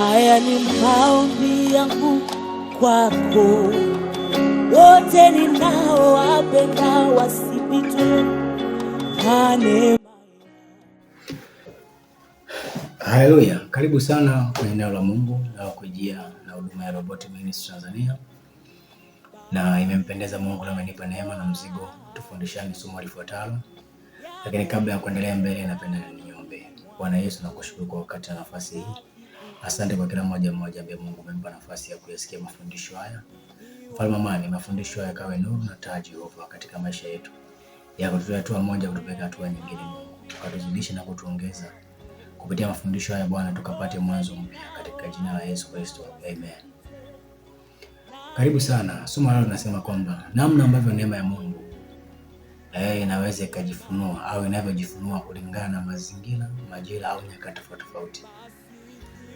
Haya ni maombi yangu kwako, wote ninaowapenda wasipitwe na Haleluya, karibu sana kwenye eneo la Mungu na wakujia na huduma ya Roboti Ministry Tanzania, na imempendeza Mungu na amenipa neema na mzigo tufundishane somo lifuatalo. Lakini kabla ya kuendelea mbele, napenda niombe. Bwana Yesu, nakushukuru kwa wakati na nafasi hii Asante kwa kila mmoja mmoja ambaye Mungu amempa nafasi ya kuyasikia mafundisho haya. Mfalme amani, mafundisho haya kawe nuru na taa Jehova katika maisha yetu, yakututwaa hatua moja kutupeleka hatua nyingine. Mungu ukatuzidishe na kutuongeza kupitia mafundisho haya Bwana, tukapate mwanzo mpya katika jina la Yesu Kristo, amen. Karibu sana. Somo leo linasema kwamba namna ambavyo neema ya Mungu eh, inaweza ikajifunua au inavyojifunua kulingana na mazingira, majira au nyakati tofauti tofauti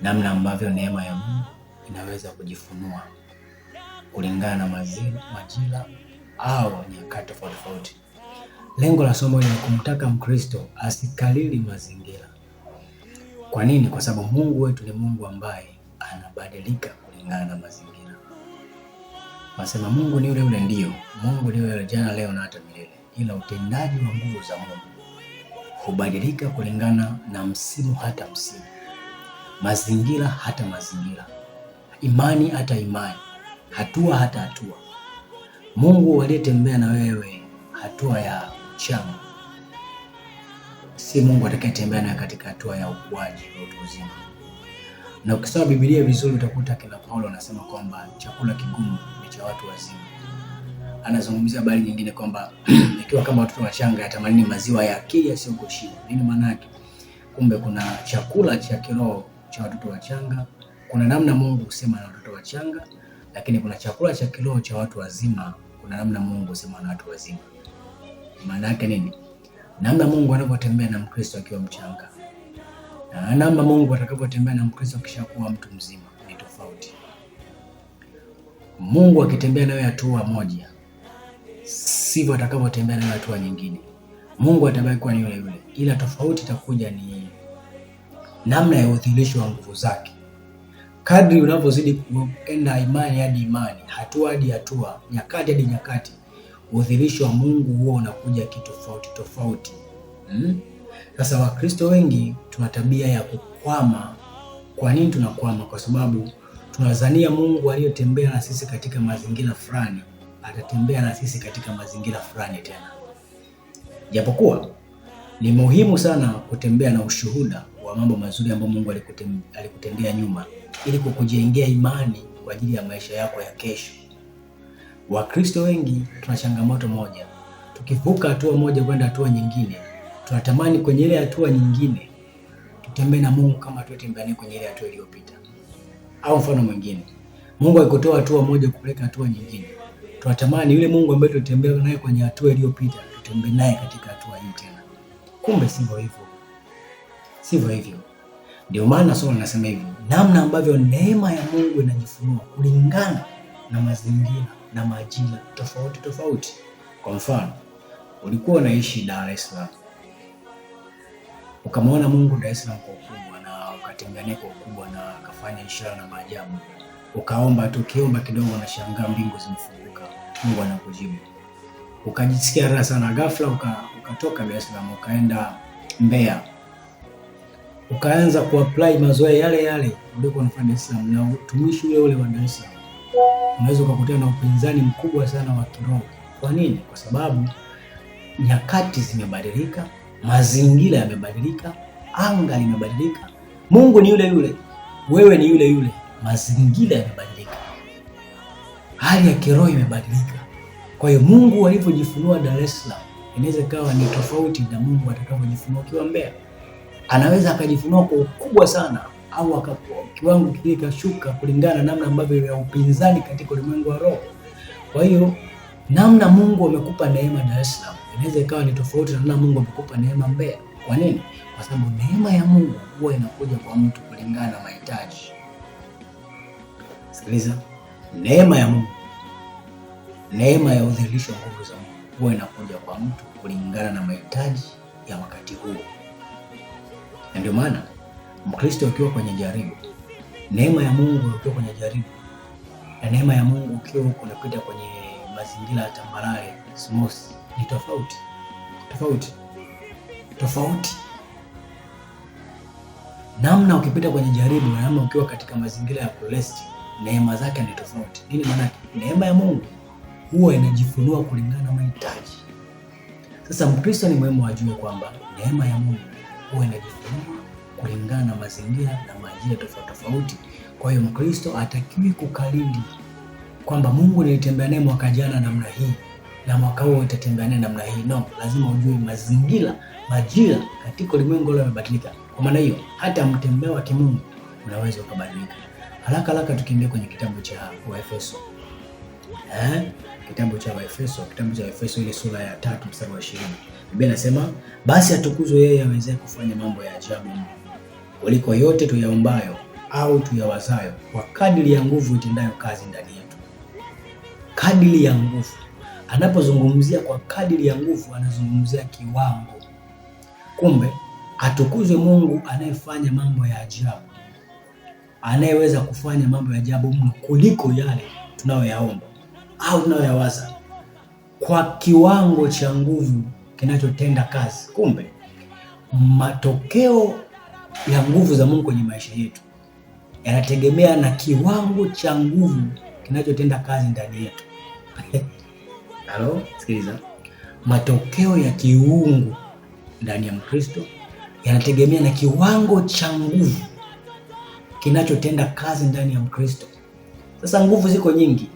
namna ambavyo neema ya Mungu inaweza kujifunua kulingana na majira au nyakati tofauti tofauti. Lengo la somo ni kumtaka Mkristo asikalili mazingira. Kwa nini? Kwa sababu Mungu wetu ni Mungu ambaye anabadilika kulingana na mazingira. Nasema Mungu ni yule yule, ndio Mungu ni yule jana, leo na hata milele, ila utendaji wa nguvu za Mungu hubadilika kulingana na msimu hata msimu mazingira hata mazingira, imani hata imani, hatua hata hatua. Mungu aliyetembea na wewe hatua ya chama, si Mungu atakayetembea nawe katika hatua ya ukuaji na utu uzima. Na ukisoma Biblia vizuri utakuta kina Paulo anasema kwamba chakula kigumu ni cha watu wazima. Anazungumzia habari nyingine kwamba ikiwa kama watoto wachanga yatamanini maziwa ya akili yasiyogoshiwa. Nini maana yake? Kumbe kuna chakula cha kiroho cha watoto wachanga. Kuna namna Mungu husema na watoto wachanga, lakini kuna chakula cha kiroho cha watu wazima. Kuna namna Mungu husema na watu wazima. Maana yake nini? Namna Mungu anavyotembea na Mkristo akiwa mchanga na namna Mungu atakavyotembea na Mkristo akishakuwa mtu mzima ni tofauti. Mungu akitembea nawe hatua moja, sivyo atakavyotembea nawe hatua nyingine. Mungu atabaki kuwa ni yule yule, ila tofauti itakuja ni namna ya udhihirisho wa nguvu zake. Kadri unavyozidi kuenda imani hadi imani, hatua hadi hatua, nyakati hadi nyakati, udhihirisho wa Mungu huo unakuja kitofauti tofauti. Hmm? Sasa Wakristo wengi tuna tabia ya kukwama. Kwa nini tunakwama? Kwa sababu tunazania Mungu aliyotembea na sisi katika mazingira fulani atatembea na sisi katika mazingira fulani tena, japokuwa ni muhimu sana kutembea na ushuhuda wa mambo mazuri ambayo Mungu alikutem, alikutendea nyuma ili kukujengea imani kwa ajili ya maisha yako ya kesho. Wakristo wengi tuna changamoto moja, tukivuka hatua moja kwenda hatua nyingine, tunatamani kwenye ile hatua nyingine tutembee na Mungu kama tuliotembea kwenye ile hatua iliyopita. Au mfano mwingine, Mungu alikutoa hatua moja kupeleka hatua nyingine, tunatamani yule Mungu ambaye tulitembea naye kwenye hatua iliyopita tutembee naye katika hatua hii tena. Kumbe sivyo hivyo sivyo hivyo? Ndio maana somo linasema hivyo, namna ambavyo neema ya Mungu inajifunua kulingana na mazingira na majira tofauti tofauti. Kwa mfano, ulikuwa unaishi Dar es Salaam, ukamwona Mungu Dar es Salaam kwa ukubwa, na ukatengania kwa ukubwa, na akafanya ishara na maajabu, ukaomba tu, ukiomba kidogo unashangaa mbingu zimefunguka, Mungu anakujibu, ukajisikia raha sana. Ghafla ukatoka Dar es Salaam ukaenda Mbeya ukaanza kuapply mazoea yale yale uliokuwa unafanya Dar es Salaam na utumishi ule ule wa Dar es Salaam, unaweza ukakutana na upinzani mkubwa sana wa kiroho. Kwa nini? Kwa sababu nyakati zimebadilika, mazingira yamebadilika, anga limebadilika. Mungu ni yule yule, wewe ni yule yule, mazingira yamebadilika, hali ya kiroho imebadilika. Kwa hiyo Mungu alivyojifunua Dar es Salaam inaweza ikawa ni tofauti na Mungu atakavyojifunua ukiwa Mbeya anaweza akajifunua kwa ukubwa sana au kiwango kile kashuka kulingana na namna ambavyo ya upinzani katika ulimwengu wa roho. Kwa hiyo namna Mungu amekupa neema Dar es Salaam inaweza ikawa ni tofauti na namna Mungu amekupa neema Mbeya. Kwa nini? Kwa sababu neema ya Mungu huwa inakuja kwa mtu kulingana na mahitaji. Sikiliza, neema ya Mungu, neema ya udhihirisho wa nguvu za Mungu huwa inakuja kwa mtu kulingana na mahitaji ya wakati huo. Na ndio maana Mkristo ukiwa kwenye jaribu, neema ya Mungu ukiwa kwenye jaribu, na neema ya Mungu ukiwa unapita kwenye mazingira ya tambarare smos, ni tofauti tofauti tofauti namna ukipita kwenye jaribu na namna ukiwa katika mazingira ya kuresti, neema zake ni tofauti. Nini maana yake? Neema ya Mungu huwa inajifunua kulingana na mahitaji. Sasa Mkristo ni muhimu ajue kwamba neema ya Mungu huenda ikifanyika kulingana na mazingira na majira tofauti tofauti. Kwa hiyo Mkristo atakiwi kukaridi kwamba Mungu nilitembea naye mwaka jana namna hii na mwaka huo nitatembea naye namna hii. No, lazima ujue mazingira, majira katika ulimwengu leo yamebadilika. Kwa maana hiyo hata mtembea wa kimungu unaweza ukabadilika. Haraka haraka tukiingia kwenye kitabu cha Waefeso. Eh? Kitabu cha Waefeso, kitabu cha Waefeso ile sura ya tatu mstari wa ishirini. Biblia inasema basi atukuzwe yeye awezaye kufanya mambo ya ajabu kuliko yote tuyaombayo au tuyawazayo, kwa kadiri ya nguvu itendayo kazi ndani yetu. Kadiri ya nguvu, anapozungumzia kwa kadiri ya nguvu, anazungumzia kiwango. Kumbe atukuzwe Mungu anayefanya mambo ya ajabu, anayeweza kufanya mambo ya ajabu mno kuliko yale tunayoyaomba au tunayoyawaza, kwa kiwango cha nguvu kinachotenda kazi. Kumbe matokeo ya nguvu za Mungu kwenye maisha yetu yanategemea na kiwango cha nguvu kinachotenda kazi ndani yetu. Halo, sikiliza. Matokeo ya kiungu ndani ya Mkristo yanategemea na kiwango cha nguvu kinachotenda kazi ndani ya Mkristo. Sasa nguvu ziko nyingi,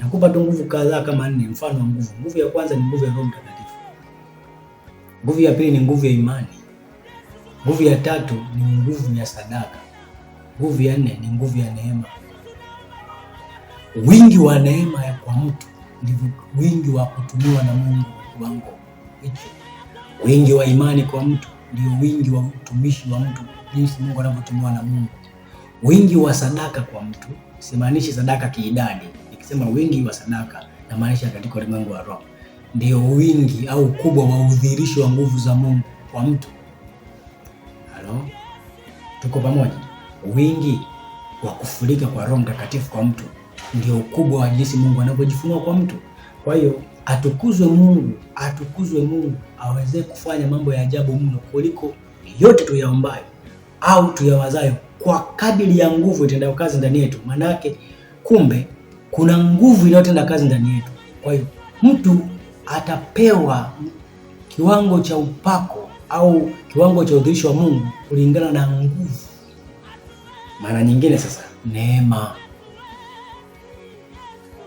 nakupa tu nguvu kadhaa kama nne, mfano wa nguvu. Nguvu ya kwanza ni nguvu ya Roho Mtakatifu. Nguvu ya pili ni nguvu ya imani. Nguvu ya tatu ni nguvu ya sadaka. Nguvu ya nne ni nguvu ya neema. Wingi wa neema ya kwa mtu ndivyo wingi wa kutumiwa na Mungu wangu. Wingi wa imani kwa mtu ndio wingi wa utumishi wa mtu, jinsi Mungu anavyotumiwa na Mungu. Wingi wa sadaka kwa mtu, simaanishi sadaka kiidadi. Nikisema wingi wa sadaka, namaanisha katika ulimwengu wa roho ndio wingi au ukubwa wa udhihirisho wa nguvu za Mungu kwa mtu. Halo, tuko pamoja? Wingi wa kufurika kwa Roho Mtakatifu kwa mtu ndio ukubwa wa jinsi Mungu anavyojifunua kwa mtu. Kwa hiyo atukuzwe Mungu, atukuzwe Mungu aweze kufanya mambo ya ajabu mno kuliko yote tuyaombayo au tuyawazayo, kwa kadiri ya nguvu itendayo kazi ndani yetu. Maanake kumbe kuna nguvu inayotenda kazi ndani yetu. Kwa hiyo mtu atapewa kiwango cha upako au kiwango cha udhirishi wa Mungu kulingana na nguvu. Maana nyingine sasa, neema,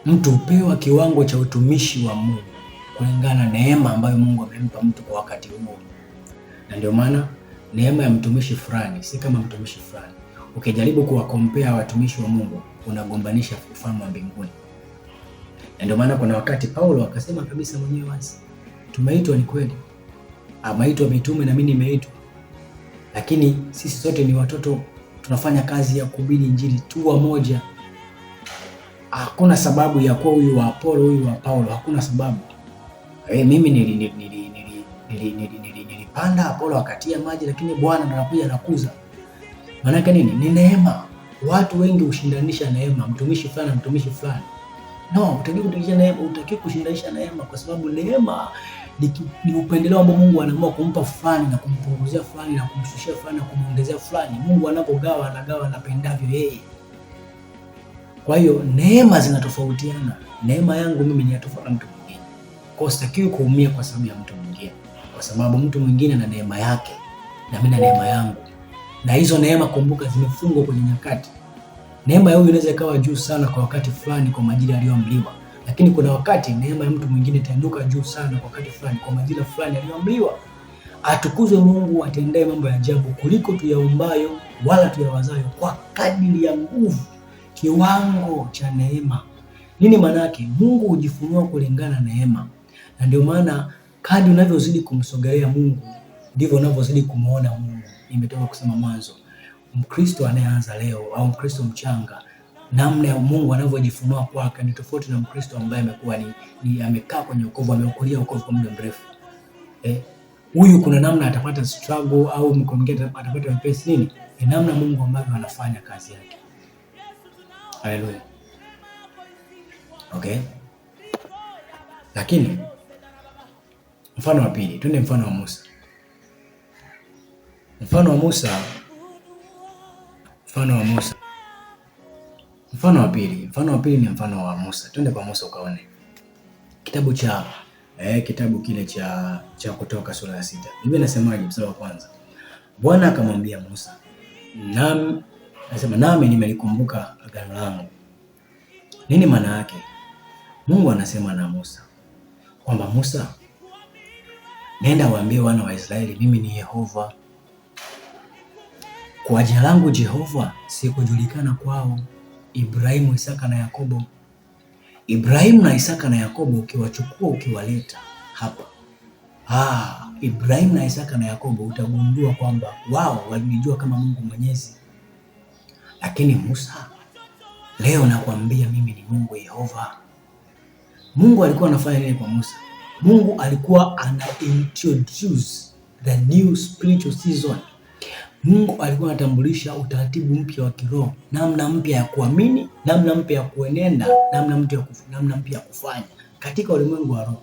mtu hupewa kiwango cha utumishi wa Mungu kulingana na neema ambayo Mungu amempa mtu kwa wakati huo, na ndio maana neema ya mtumishi fulani si kama mtumishi fulani. Ukijaribu kuwakompea watumishi wa Mungu unagombanisha ufalme wa mbinguni. Na eh, ndio maana kuna wakati Paulo akasema kabisa mwenyewe wazi, tumeitwa ni kweli, ameitwa ah, mitume na mimi nimeitwa, lakini sisi sote ni watoto, tunafanya kazi ya kuhubiri injili tu wa moja. Hakuna sababu ya kuwa huyu wa Apolo, huyu wa Paulo, hakuna sababu. E, mimi nilipanda nili, nili, nili, nili, nili, nili, Apolo akatia maji, lakini Bwana ndo anakuja anakuza. Maanake nini? Ni neema. Watu wengi hushindanisha neema, mtumishi fulani na mtumishi fulani No, utakiwe kutulisha neema, utakiwe kushindanisha neema kwa sababu neema ni upendeleo ambao Mungu anaamua kumpa fulani na kumpunguzia fulani na kumshushia fulani na kumwongezea fulani. Mungu anapogawa anagawa anapendavyo yeye. Kwa hiyo neema zinatofautiana. Neema yangu mimi ni tofauti na mtu mwingine. Kwa hiyo sitakiwi kuumia kwa sababu ya mtu mwingine, kwa sababu mtu mwingine ana neema yake na mimi na neema yangu, na hizo neema, kumbuka, zimefungwa kwenye nyakati Neema ya huyu inaweza ikawa juu sana kwa wakati fulani kwa majira aliyoamriwa, lakini kuna wakati neema ya mtu mwingine itainuka juu sana kwa wakati fulani kwa majira fulani aliyoamriwa. Atukuzwe Mungu atendaye mambo ya ajabu kuliko tuyaumbayo wala tuyawazayo, kwa kadiri ya nguvu kiwango cha neema. Nini maana yake? Mungu hujifunua kulingana na neema, na ndio maana kadri unavyozidi kumsogelea Mungu ndivyo unavyozidi kumuona Mungu. Nimetoka kusema mwanzo. Mkristo anayeanza leo au Mkristo mchanga, namna ya Mungu anavyojifunua kwake ni tofauti na Mkristo ambaye amekuwa ni, ni amekaa kwenye wokovu, ameukulia wokovu kwa muda mrefu. Eh, huyu kuna namna atapata struggle au mko mwingine atapata wepesi nini? Ni namna Mungu ambavyo anafanya kazi yake. Haleluya. Okay, lakini mfano wa pili, twende mfano wa Musa. Mfano wa Musa mfano wa Musa. Mfano wa pili, mfano wa pili ni mfano wa Musa. Twende kwa Musa ukaone kitabu cha eh, kitabu kile cha cha Kutoka sura ya sita. Biblia inasemaje? Mstari wa kwanza, Bwana akamwambia Musa, nami nasema nami nimelikumbuka agano langu. Nini maana yake? Mungu anasema na Musa kwamba Musa, nenda waambie wana wa Israeli mimi ni Yehova kwa jina langu Jehova sikujulikana kwao Ibrahimu, Isaka na Yakobo. Ibrahimu na Isaka na Yakobo ukiwachukua ukiwaleta hapa ah, Ibrahimu na Isaka na Yakobo utagundua kwamba wao walijua kama Mungu Mwenyezi, lakini Musa, leo nakwambia mimi ni Mungu Yehova. Mungu alikuwa anafanya nini kwa Musa? Mungu alikuwa ana introduce the new spiritual season Mungu alikuwa anatambulisha utaratibu mpya wa kiroho, namna mpya ya kuamini, namna mpya ya kuenenda, namna mpya ya kufanya, namna mpya ya kufanya katika ulimwengu wa roho.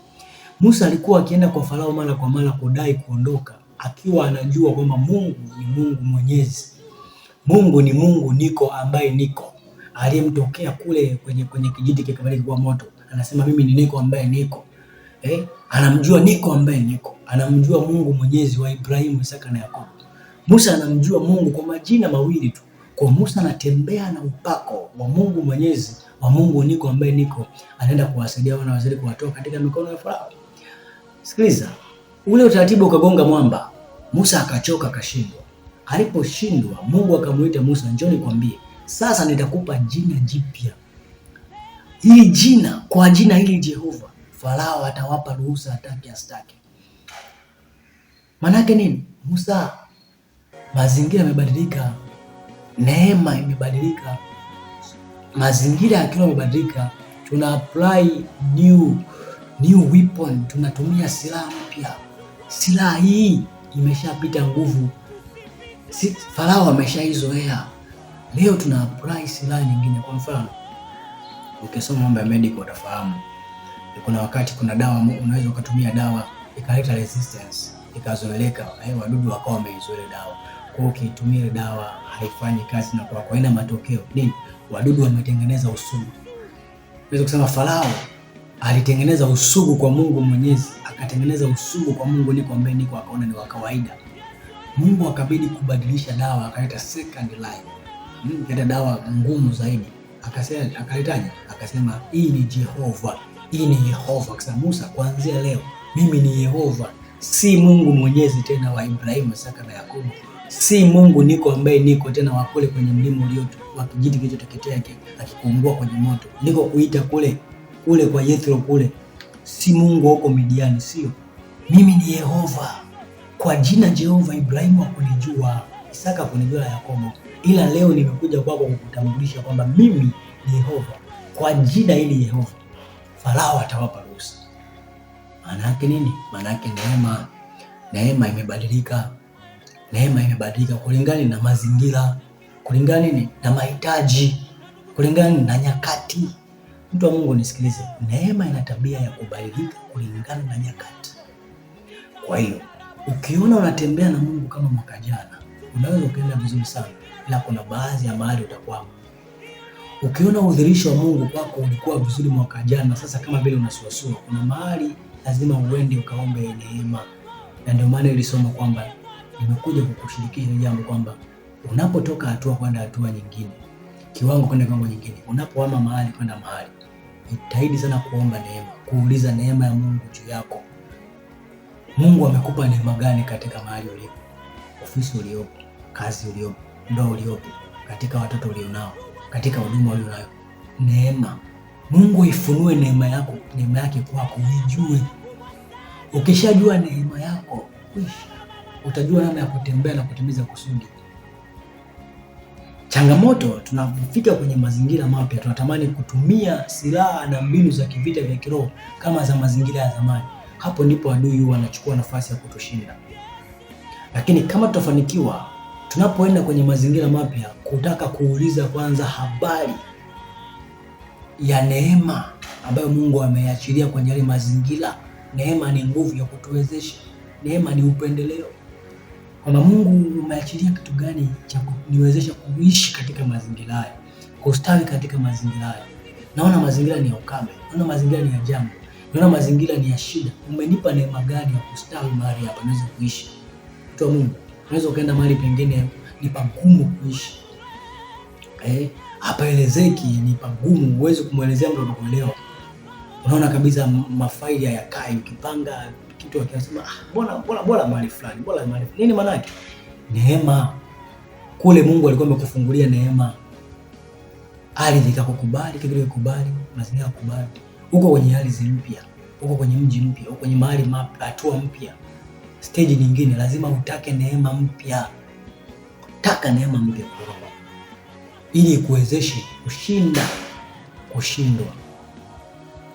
Musa alikuwa akienda kwa Farao mara kwa mara kudai kuondoka, akiwa anajua kwamba Mungu ni Mungu mwenyezi, Mungu ni Mungu niko ambaye niko, aliyemtokea kule kwenye kwenye kijiti kikabariki kwa moto, anasema mimi ni niko ambaye niko eh? Anamjua niko ambaye niko, anamjua Mungu mwenyezi wa Ibrahimu, Isaka na Yakobo. Musa anamjua Mungu kwa majina mawili tu. Kwa Musa anatembea na upako wa Mungu Mwenyezi, wa Mungu niko ambaye niko, anaenda kuwasaidia wana wa Israeli kuwatoa katika mikono ya Farao. Sikiliza, ule utaratibu ukagonga mwamba, Musa akachoka, akashindwa. Aliposhindwa, Mungu akamuita Musa, njoo nikwambie, sasa nitakupa jina jipya. Hii jina, kwa jina hili Jehova Farao atawapa ruhusa, atake astake. Maanake nini? Musa mazingira yamebadilika, neema imebadilika, mazingira yakiwa yamebadilika, tuna apply new new weapon, tunatumia silaha mpya. Silaha hii imeshapita nguvu, si Farao ameshaizoea. Leo tuna apply silaha nyingine. Kwa mfano, ukisoma mambo ya medical utafahamu kuna wakati kuna dawa, unaweza ukatumia dawa ikaleta resistance ikazoeleka, eh, wadudu wakawa wameizoea dawa. Kwa hiyo ile dawa haifanyi kazi na kwa haina matokeo. Nini? Wadudu wametengeneza usugu. Unaweza kusema Farao alitengeneza usugu kwa Mungu Mwenyezi, akatengeneza usugu kwa Mungu niko ambaye niko akaona ni wa kawaida. Mungu akabidi kubadilisha dawa akaleta second line. Mungu hmm, kaleta dawa ngumu zaidi. Akasema akalitaja, Akasema hii ni Jehova. Hii ni Yehova. kwa Musa, kuanzia leo mimi ni Yehova si Mungu mwenyezi tena wa Ibrahimu, Isaka na Yakobo, si Mungu niko ambaye niko tena wa kule kwenye mlima uliotu wa kijiti kilichoteketea akikumbua kwenye moto, niko kuita kule kule kwa Yethro kule, si Mungu huko Midiani, sio mimi, ni Yehova. Kwa jina Jehova Ibrahimu akunijua, Isaka akunijua Yakobo, ila leo nimekuja kwako kukutambulisha kwamba mimi ni Yehova. Kwa jina hili Yehova Farao atawapa maana yake nini? Maana yake neema, neema imebadilika, neema imebadilika kulingana na mazingira, kulingana nini na mahitaji, kulingana na nyakati. Mtu wa Mungu nisikilize, neema ina tabia ya kubadilika kulingana na nyakati. Kwa hiyo ukiona unatembea na Mungu kama mwaka jana, unaweza ukaenda vizuri sana, ila kuna baadhi ya mahali utakwama. Ukiona udhirisho wa Mungu kwako ulikuwa vizuri mwaka jana, sasa kama vile unasuasua, kuna mahali lazima uende ukaombe neema, na ndio maana ilisoma kwamba nimekuja kukushirikisha jambo kwamba unapotoka hatua kwenda hatua nyingine, kiwango kwenda kiwango nyingine, unapohama mahali kwenda mahali, jitahidi sana kuomba neema, kuuliza neema ya Mungu juu yako. Mungu amekupa neema gani katika mahali ulipo, ofisi uliopo, kazi uliopo, ndoa uliopo, katika watoto ulionao, katika huduma ulionayo, neema Mungu ifunue neema yako, neema yake kwako, ijue Ukishajua neema yako utajua namna ya kutembea na kutimiza kusudi. Changamoto, tunapofika kwenye mazingira mapya tunatamani kutumia silaha na mbinu za kivita vya kiroho kama za mazingira ya zamani. Hapo ndipo adui huwa anachukua nafasi ya kutushinda. Lakini kama tutafanikiwa, tunapoenda kwenye mazingira mapya, kutaka kuuliza kwanza habari ya neema ambayo Mungu ameachilia kwenye yale mazingira Neema ni nguvu ya kutuwezesha, neema ni upendeleo, kwamba Mungu umeachilia kitu gani cha kuniwezesha kuishi katika mazingira haya, kustawi katika mazingira haya. Naona mazingira ni ya ukame, naona mazingira ni ya jangwa, naona mazingira ni ya shida. Umenipa neema gani ya kustawi mahali hapa naweza kuishi? Mtu wa Mungu, unaweza ukaenda mahali pengine ni pagumu kuishi, eh, hapa elezeki, ni pagumu, huwezi kumwelezea mtu kuelewa unaona kabisa mafaili hayakai, ukipanga kitu akisema ah, bora bora bora mali fulani bora mahali nini, maana yake neema kule Mungu alikuwa amekufungulia neema, ardhi ikakukubali, kile kukubali, mazingira yakubali, uko kwenye ardhi mpya, uko kwenye mji mpya, uko kwenye mahali mapya, hatua mpya, stage nyingine. Lazima utake neema mpya, taka neema mpya kutoka, ili ikuwezeshe kushinda kushindwa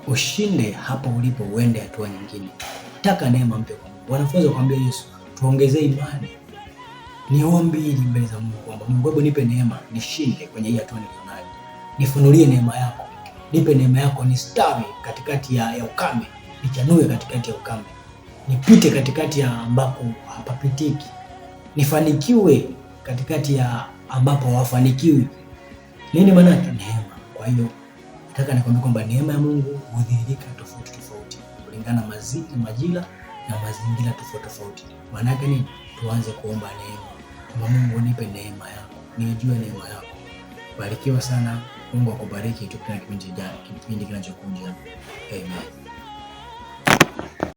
ushinde hapa ulipo, uende hatua nyingine. Taka neema mpya kwa Mungu. Wanafunzi wakamwambia Yesu, tuongezee imani. Ni ombi hili mbele za Mungu kwamba Mungu, hebu nipe neema nishinde kwenye hii hatua nilionayo, nifunulie neema yako, nipe neema yako, nistawi katikati ya, ya ukame, nichanue katikati ya ukame, nipite katikati ya ambako hapapitiki, nifanikiwe katikati ya ambapo hawafanikiwi. Nini maana yake neema? Kwa hiyo nataka nikwambie kwamba neema ya Mungu hudhihirika tofauti tofauti kulingana na mazingira, majira na mazingira tofauti tofauti. Maana yake ni tuanze kuomba neema, Kwa Mungu nipe neema yako, nijue neema yako. Barikiwa sana, Mungu akubariki. Tukutane kipindi kijacho, kipindi kinachokuja. Amen.